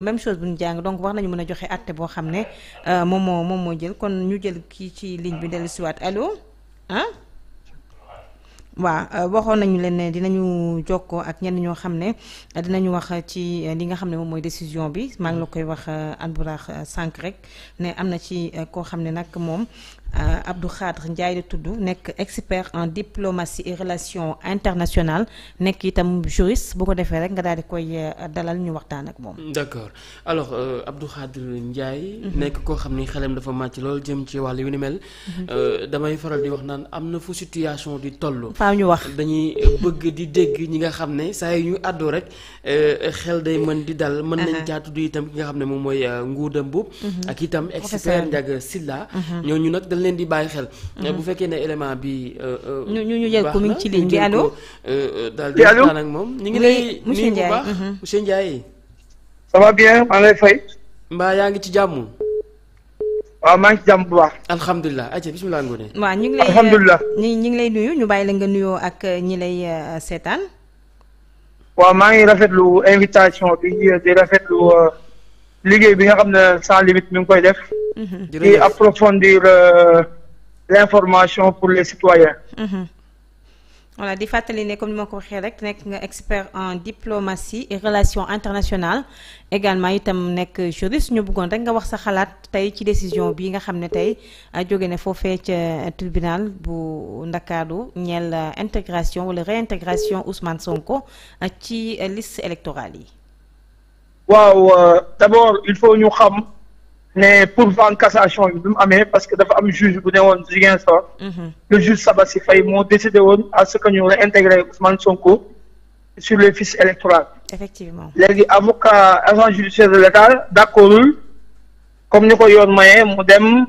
même chose bu ñu jàng donc wax nañu mën a joxe àtte boo xam ne euh, moom moo moom moo jël kon ñu jël kii ci ligne bi dellu siwaat allo ah. waaw euh, waxoon nañu leen ne dinañu jokkoo ak ñenn ñoo xam ne dinañu wax ci li nga xam ne moom mooy décision bi maa ngi la koy wax euh, Albourakh sànq rek ne am na ci koo xam ne nag moom Euh, Abdou Khadre Ndiaye la tudd nekk expert en diplomatie et relations internationales nekk itam juriste bu ko defee rek nga daal di koy euh, dalal ñu waxtaan ak moom. d'accord alors euh, Abdou Khadre Ndiaye. Mhm. nekk koo xam ne xelam dafa màcc loolu jëm ci wàllu yu ni mel. Mhm. damay faral di wax naan am na fu situation di toll. faaw ñu wax dañuy bëgg di dégg ñi nga xam ne saa yu ñu àddoo rek xel day mën di dal. mën nañ caa tudd itam ki nga xam ne moom mooy Ngouda Mboup. Mhm. ak itam expert dañ leen di bàyyi xel. Mhm. Eh, bu fekkee ne élément bi. Euh, euh, ñu ñu ñu jël ko mi ngi ci ligne bi allo. Euh, daal di waxtaan moom ñu ngi lay. monsieur Ndiaye bu baax mhm. monsieur Ndiaye. ça va bien maa lay fay. mbaa yaa ngi ci jàmm. waaw maa ngi ci jàmm bu baax. alhamdulilah ayca bisimilah Ngoné. waaw ñu lay alhamdulilah ñu ngi lay nuyu ñu bàyyi la nga nuyoo ak ñi lay seetaan. waaw maa ngi rafetlu invitation bi di rafetlu. liggéey bi nga xam ne sans limite mi ngi koy def. Mhm. di approfondir euh, l' information pour les citoyens. Mhm. voilà di fàttali ne comme ni ma ko waxee rek nekk nga expert en diplomatie et relation internationales également itam nekk juriste ñu buggoon rek nga wax sa xalaat tey ci décision bi nga xam ne tey a euh, jóge na foofee ca euh, tribunal bu Ndakaaru ñeel intégration wala réintégration Ousmane Sonko ci list électorale yi. waaw euh, d'abord il faut ñu xam ne pourvoi en cassation bi bi mu amee parce que dafa am juge bu ne woon Ziguinchor mhm. le juge Sabassi Faye moo décidé woon à ce que ñu réintégrer Ousmane Sonko sur les fiches électorales effectivement léegi avocat agent judiciaire de l'État d'accordul comme ni ko yoon mayee mu dem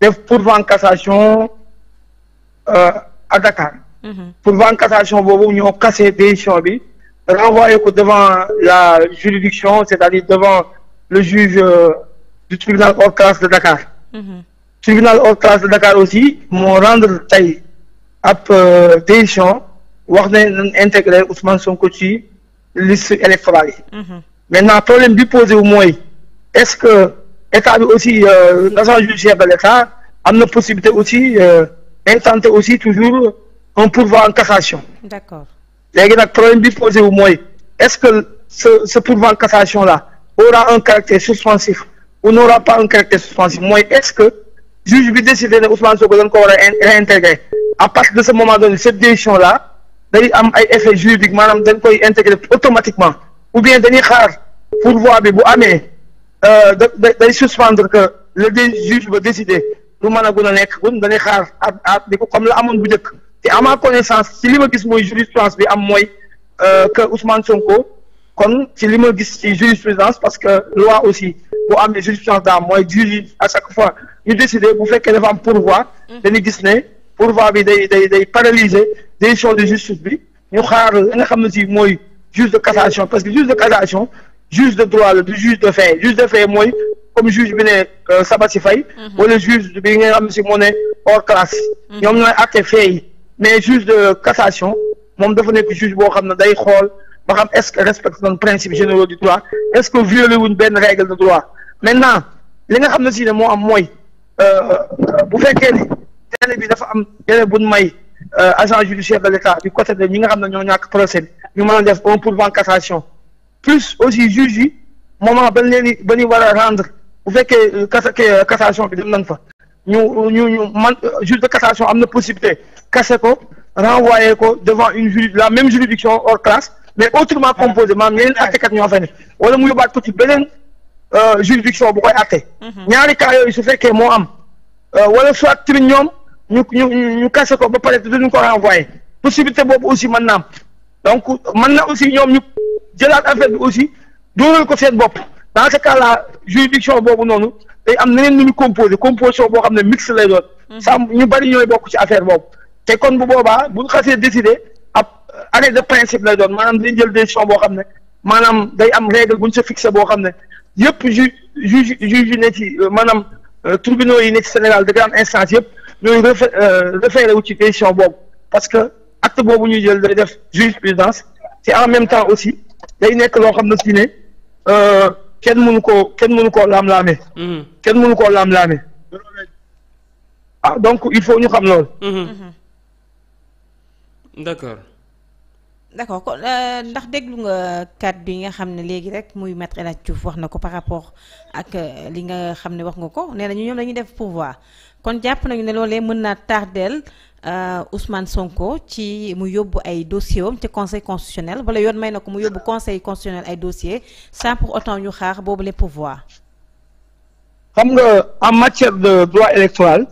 def pourvoi en cassation euh, à Dakar mhm. pourvoi en cassation boobu ñoo cassé décision bi renvoyé ko devant la juridiction c'est-à-dire devant le juge euh, du tribunal hors classe de Dakar. Mhm. tribunal hors classe de Dakar aussi moo rendre tey ab euh, décision wax ne nañ intégré Ousmane Sonko ci liste électorale yi. Mhm. maintenant problème bi posé wu mooy est-ce que état bi aussi euh, l'agent judiciaire de l'état am na possibilité aussi intenter aussi toujours un pourvoi en cassation. d'accord. léegi nag problème bi posé wu mooy est-ce que ce ce pourvoi en cassation là aura un caractère suspensif ou n'aura pas un caractère suspensif mooy est-ce que juge bi décidé ne Ousmane Sonko dañ ko war a à partir de ce moment donné cette décision là day am ay effets juridiques maanaam dañ koy intégrer automatiquement ou bien dañuy xaar pourvoi bi bu amee euh, da day suspendre que le juge ba décidé lu mën a gun a nekk gun dañuy xaar at at di ko comme la amoon bu njëkk te à ma connaissance ci li ma gis mooy jurisprudence bi am mooy euh, que Ousmane Sonko kon ci li ma gis ci jurisprudence parce que loi aussi bu amee jurisprudence daa mooy juge à chaque fois ñu décider bu fekkee dafa am pourvoi mm. dañu gis ne pourvoi bi day day day paralyser décision de justice bi ñu xaar li nga xam ne si mooy juge de cassation parce que juge de cassation juge de droit la du juge de fait juge de fait mooy comme juge bi ne euh, Sabassy Faye mm-hmm. wala juge bi nga xam ne si moo ne hors mm-hmm. ñoom ñooy àtte fait yi mais juge de cassation moom dafa nekk juge boo xam ne day xool ba xam est-ce que respecté nañ principe généraux du droit est-ce que violé wuñ benn règle de droit maintenant li nga xam ne si ne moo am mooy euh, bu fekkee ne délai bi dafa am délai bu may euh, agent judiciaire de l'État du côté de ñi nga xam ne ñoo ñàkk procès bi ñu mën a def un pourvoi cassation plus aussi juge yi moment ba ñu leen di ba ñu war a rendre bu fekkee euh, cassation bi dem nañ fa ñu ñu ñu man euh, juge de cassation am na possibilité casser ko renvoyer ko devant une juri la même juridiction hors classe mais autrement ah. composé maanaam yeneen ah. attekat ñoo fa ne wala mu yóbbaat ko ci beneen euh, juridiction bu koy atte mhm. ñaari cas yooyu su fekkee moo am euh, wala soit tamit ñoom ñu ñu ñu casser ko ba pare duñu ko renvoyer possibilité boobu aussi man naam am donc mën na aussi ñoom ñu jëlaat affaire bi aussi dóoral ko seen bopp dans ce cas là juridiction boobu noonu day am neneen nu ñu composé composition boo xam ne mix lay doon. Mhm. sam ñu bari ñooy bokk ci affaire boobu. te kon bu boobaa bu ñu xasee décidé ab arrêt de principe lay doon maanaam dañ jël décision boo xam ne maanaam day am règle bu ñu sa fixé boo xam ne yëpp ju juge juge ne ci euh, maanaam euh, tribunaux yi ne Sénégal de grande instance yëpp ñooy euh, référé wu ci décision boobu parce que acte boobu ñuy jël day def jurisprudence te en même temps aussi day nekk loo xam ne si ne. kenn mënu koo kenn mënu koo laam-laamee. Mm-hmm. kenn mënu koo laam-laamee. ah donc il faut ñu xam lool. Mm-hmm. Mm-hmm. d'accord. d'accord kon euh, ndax déglu nga kàddu yi nga xam ne léegi rek muy maître El Hadj wax na ko par rapport ak euh, li nga xam ne wax nga ko nee nañu ñu ñoom dañuy def pouvoir kon jàpp nañu ne loolee mën naa tardeel Euh, Ousmane Sonko ci mu yóbbu ay dossier am ci conseil constitutionnel wala yoon may na ko mu yóbbu conseil constitutionnel ay dossier sans pour autant ñu xaar boobu les pouvoir xam nga en matière de droit électoral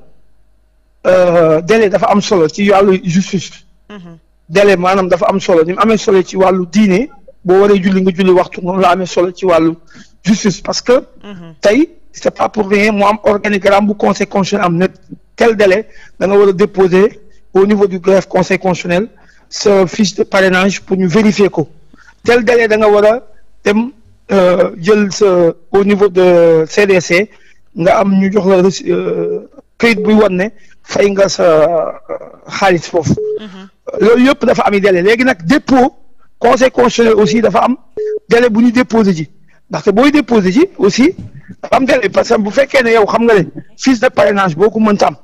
euh, délai dafa am solo ci wàllu justice mhm. délai maanaam dafa am solo ni mu amee solo ci wàllu diine boo waree julli nga julli waxtu noonu la amee solo ci wàllu justice parce que mhm. tey c'est pas pour rien mu am organigramme bu conseil constitutionnel tel délai da nga war a déposer au niveau du greffe conseil constitutionnel sa fiche de parrainage pour ñu vérifier ko tel délai da nga war a dem euh, jël sa au niveau de CDC nga am ñu jox la euh, këyit buy wan ne fay nga sa euh, xaalis foofu mm-hmm. loolu yëpp dafa am yi délai léegi nag dépôt conseil constitutionnel aussi dafa am délai bu ñu déposé ji ndaxte booy déposé ji aussi dafa am délai parce que bu fekkee ne yow xam nga ne fiche de parrainage boo ko mënta am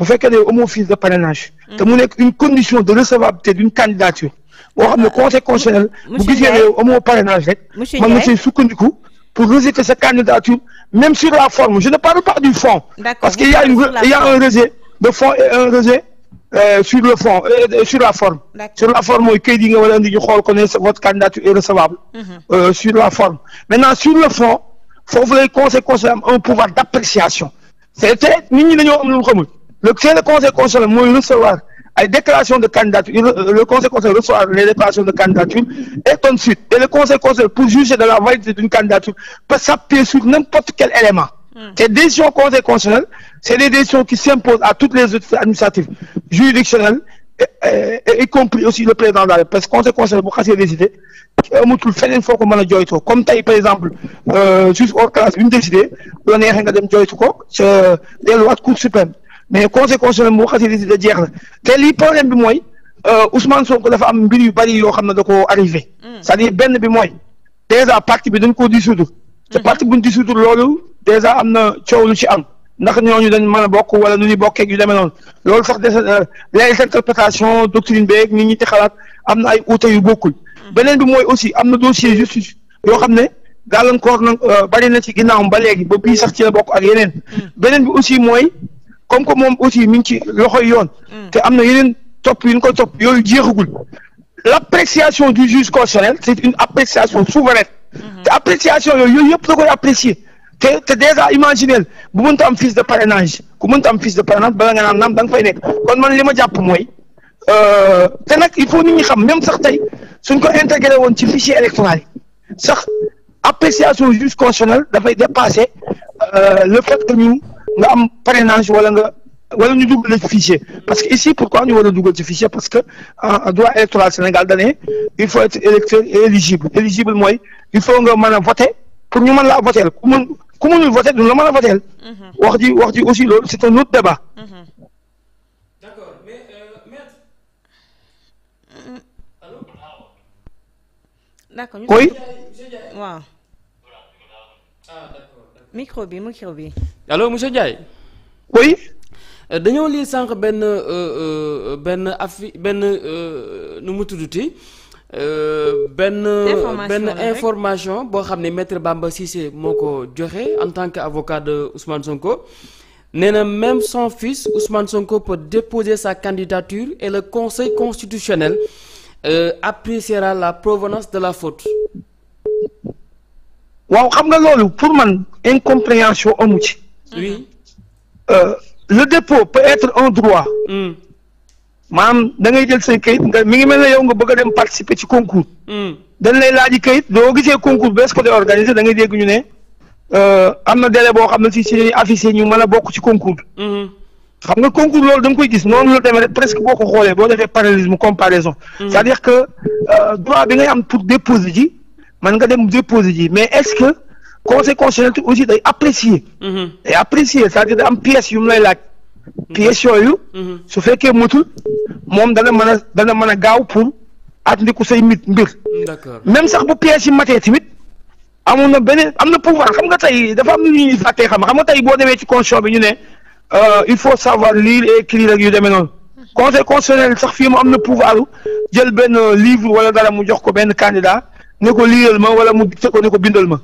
bu fekkee ne amoo fiche de parrainage. Mm. te mu nekk une condition de recevabilité d'une candidature. boo xam ne ah. conseil constitutionnel. bu gisee ne amoo parrainage rek. monsieur Ndiaye mën na see sukkandiku pour rejeter sa candidature même sur la forme je ne parle pas du fond. parce que y a une a un rejet de fond et un rejet. Euh, sur le fond euh, sur la forme. sur la forme mooy kayit yi nga war a indi xool ko ne votre candidature est recevable. Mm -hmm. euh, sur maintenant sur le fond foofu lay conseil am un pouvoir d' appréciation. c' était nit ñi dañoo am lu mu xamul. le c'est le conseil constitutionnel mooy recevoir ay déclaration de candidature euh, le conseil constitutionnel recevoir les déclarations de candidature et ton suite et le conseil constitutionnel pour juger de la validité d'une candidature peut s'appuyer sur n'importe quel élément hmm. ces décisions conseil constitutionnel c'est qui s'imposent à toutes les autorités administratives juridictionnelles et, y compris aussi le président de la République parce que conseil conseil bu xasee décidé amatul comme tey par exemple euh, juste nga dem jooytu ko ca mais conseil constitutionnel mu waxati résultat jeex na te lii problème bi mooy euh, son ko dafa am mbir yu bari yoo xam ne da koo arrivé. Mm. cest dire benn bi mooy déjà parti bi dañ ko dissoudre. te mm-hmm. parti bu ñu dissoudre loolu déjà am na coow lu ci am ndax ñooñu dañ mën a bokk wala nu ñuy bokkee yu demee noonu loolu sax des euh, les interprétations doctrine beeg ni ñi te xalaat am na ay uute yu bokkul. Mm. beneen bi mooy aussi am na dossier justice yoo xam ne gàllankoor na euh, bari na ci ginnaawam ba léegi ba bii sax ci bokk ak yeneen. Mm. beneen bi aussi mooy. comme que moom aussi mi ngi ci loxoy yoon. Mm. te am na yeneen topp yu ñu ko topp yooyu ko l' appréciation du juge constitutionnel c' une appréciation souveraine. Mm-hmm. te appréciation yooyu yooyu yëpp la koy apprécier. te te déjà imaginel bu mënta am fiche de parrainage ku mënta am de parrainage bala nga naan naam da nga nekk kon man li ma jàpp mooy. Euh, te nag il faut ni ñi xam même sax tey suñ ko intégré woon ci fichier électoral yi sax appréciation juge constitutionnel dafay dépasser euh, le fait que ñu. nga am parrainage wala nga wala ñu dugal ci fichier parce que ici pourquoi ñu war a dugal ci fichier parce que en euh, droit électoral Sénégal dane il faut être électeur et éligible éligible mooy il faut nga mën a voter pour ñu mën voter ku mën ku mënul voter duñu la mën a voter mm-hmm. wax ji wax ji aussi loolu c'est un autre débat mm-hmm. micro bi micro bi. allo monsieur Ndiaye. oui. Euh, dañoo lii sànq benn euh, euh, benn affi benn nu mu tudduti benn benn information boo xam ne maître Bamba Cissé moo ko joxe en tant que avocat de Ousmane Sonko nee na même son fils Ousmane Sonko peut déposer sa candidature et le Conseil constitutionnel appréciera la provenance de la faute. waaw xam nga loolu pour man incompréhension amu ci. oui. Euh, le dépôt peut être un droit. maanaam mm. da ngay jël say kayit nga mi ngi mel ne yow nga bëgg dem participer ci concours. Mm. dañ lay laaji kayit doo gisee concours bees ko dee organiser da ngay dégg ñu ne euh, am na délai boo xam ne si si ñuy ñu mën a bokk ci concours bi. Mm-hmm. xam nga concours loolu da nga koy gis noonu la demee presque boo ko xoolee boo defee parallélisme comparaison. Mm-hmm. c'est-à-dire que euh, droit bi ngay am pour déposer ji. man nga dem déposer ji mais est-ce que conseil constitutionnel aussi day apprécier. Mm-hmm. day apprécier c'est-à-dire da am pièces yu mu lay laaj. Mm-hmm. pièces yooyu. Mm-hmm. su fekkee motul moom dana mën a dana mën a gaaw pour attandiku say mit mbir. d'accord même sax bu pièces yi matee tamit amoon na beneen am na pouvoir xam nga tey dafa am lu ñuy fàttee xam xam nga tey boo demee ci constitution bi ñu ne euh, il faut savoir lire et écrire ak yu demee noonu. conseil constitutionnel sax fii mu am na pouvoir jël benn livre wala dara mu jox ko benn candidat. ne ko liyal wala mu fekk ko ne ko bindal ma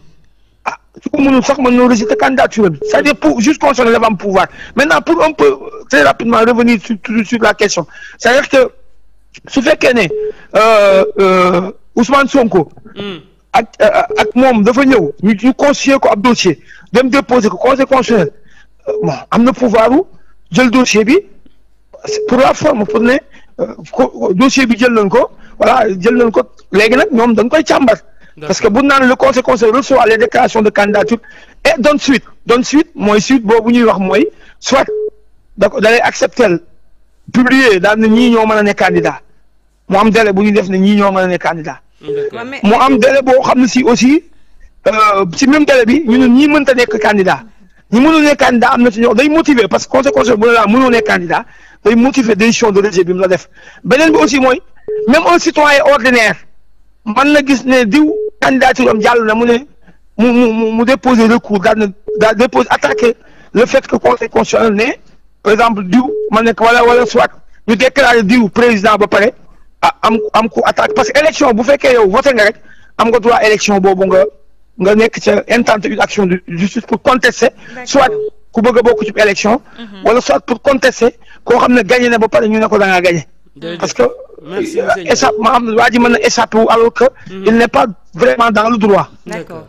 ah su ko mënul sax mën na rejeté candidature bi c'est-à-dire pour juste concernant le vam pouvoir maintenant pour un peu très rapidement revenir sur sur la question c'est-à-dire que su fekkee ne euh, euh, Ousmane Sonko. Hmm. ak euh, ak moom dafa ñëw ñu ñu constitué ko ab dossier dem déposer ko conseil constitutionnel bon am na pouvoir u jël dossier bi pour la m pour ne dossier bi jël nañ ko. voilà jël nañ ko léegi nag ñoom dañ koy càmbar. parce que bu naan le conseil conseil reçoit les déclarations de candidature et donne suite donne suite mooy suite boobu ñuy wax mooy soit da ko da lay accepter publier daal ne ñii ñoo mën a ne candidat mu am délai bu ñu def ne ñii ñoo mën a ne candidat. mu am délai boo xam ne si aussi euh, ci même délai bi ñu ne ñii mënta nekk candidat ñi mënul nekk candidat am na ci ñoo day motiver parce que conseil conseil bu ne laa mënoo nekk day motiver bi mu la def beneen bi aussi mooy. même un citoyen ordinaire mën na gis ne diw candidature am jàll na mu ne mu mu mu déposer recours daal na daal déposer attaquer le fait que conseil constitutionnel par exemple diw mën na ko wala wala soit ñu déclarer diw président ba pare ah, am am ku attaque parce que élection bu fekkee yow voté nga rek am nga droit élection boobu nga nga nekk ca intenter une action de justice pour contester soit ku bëgg a bokk ci élection mhm. wala soit pour contester koo xam ne gagné na ba pare ñu ne ko da ngaa parce que euh, échappe ma am waa alors que mhm. il n'est pas vraiment dans le droit d'accord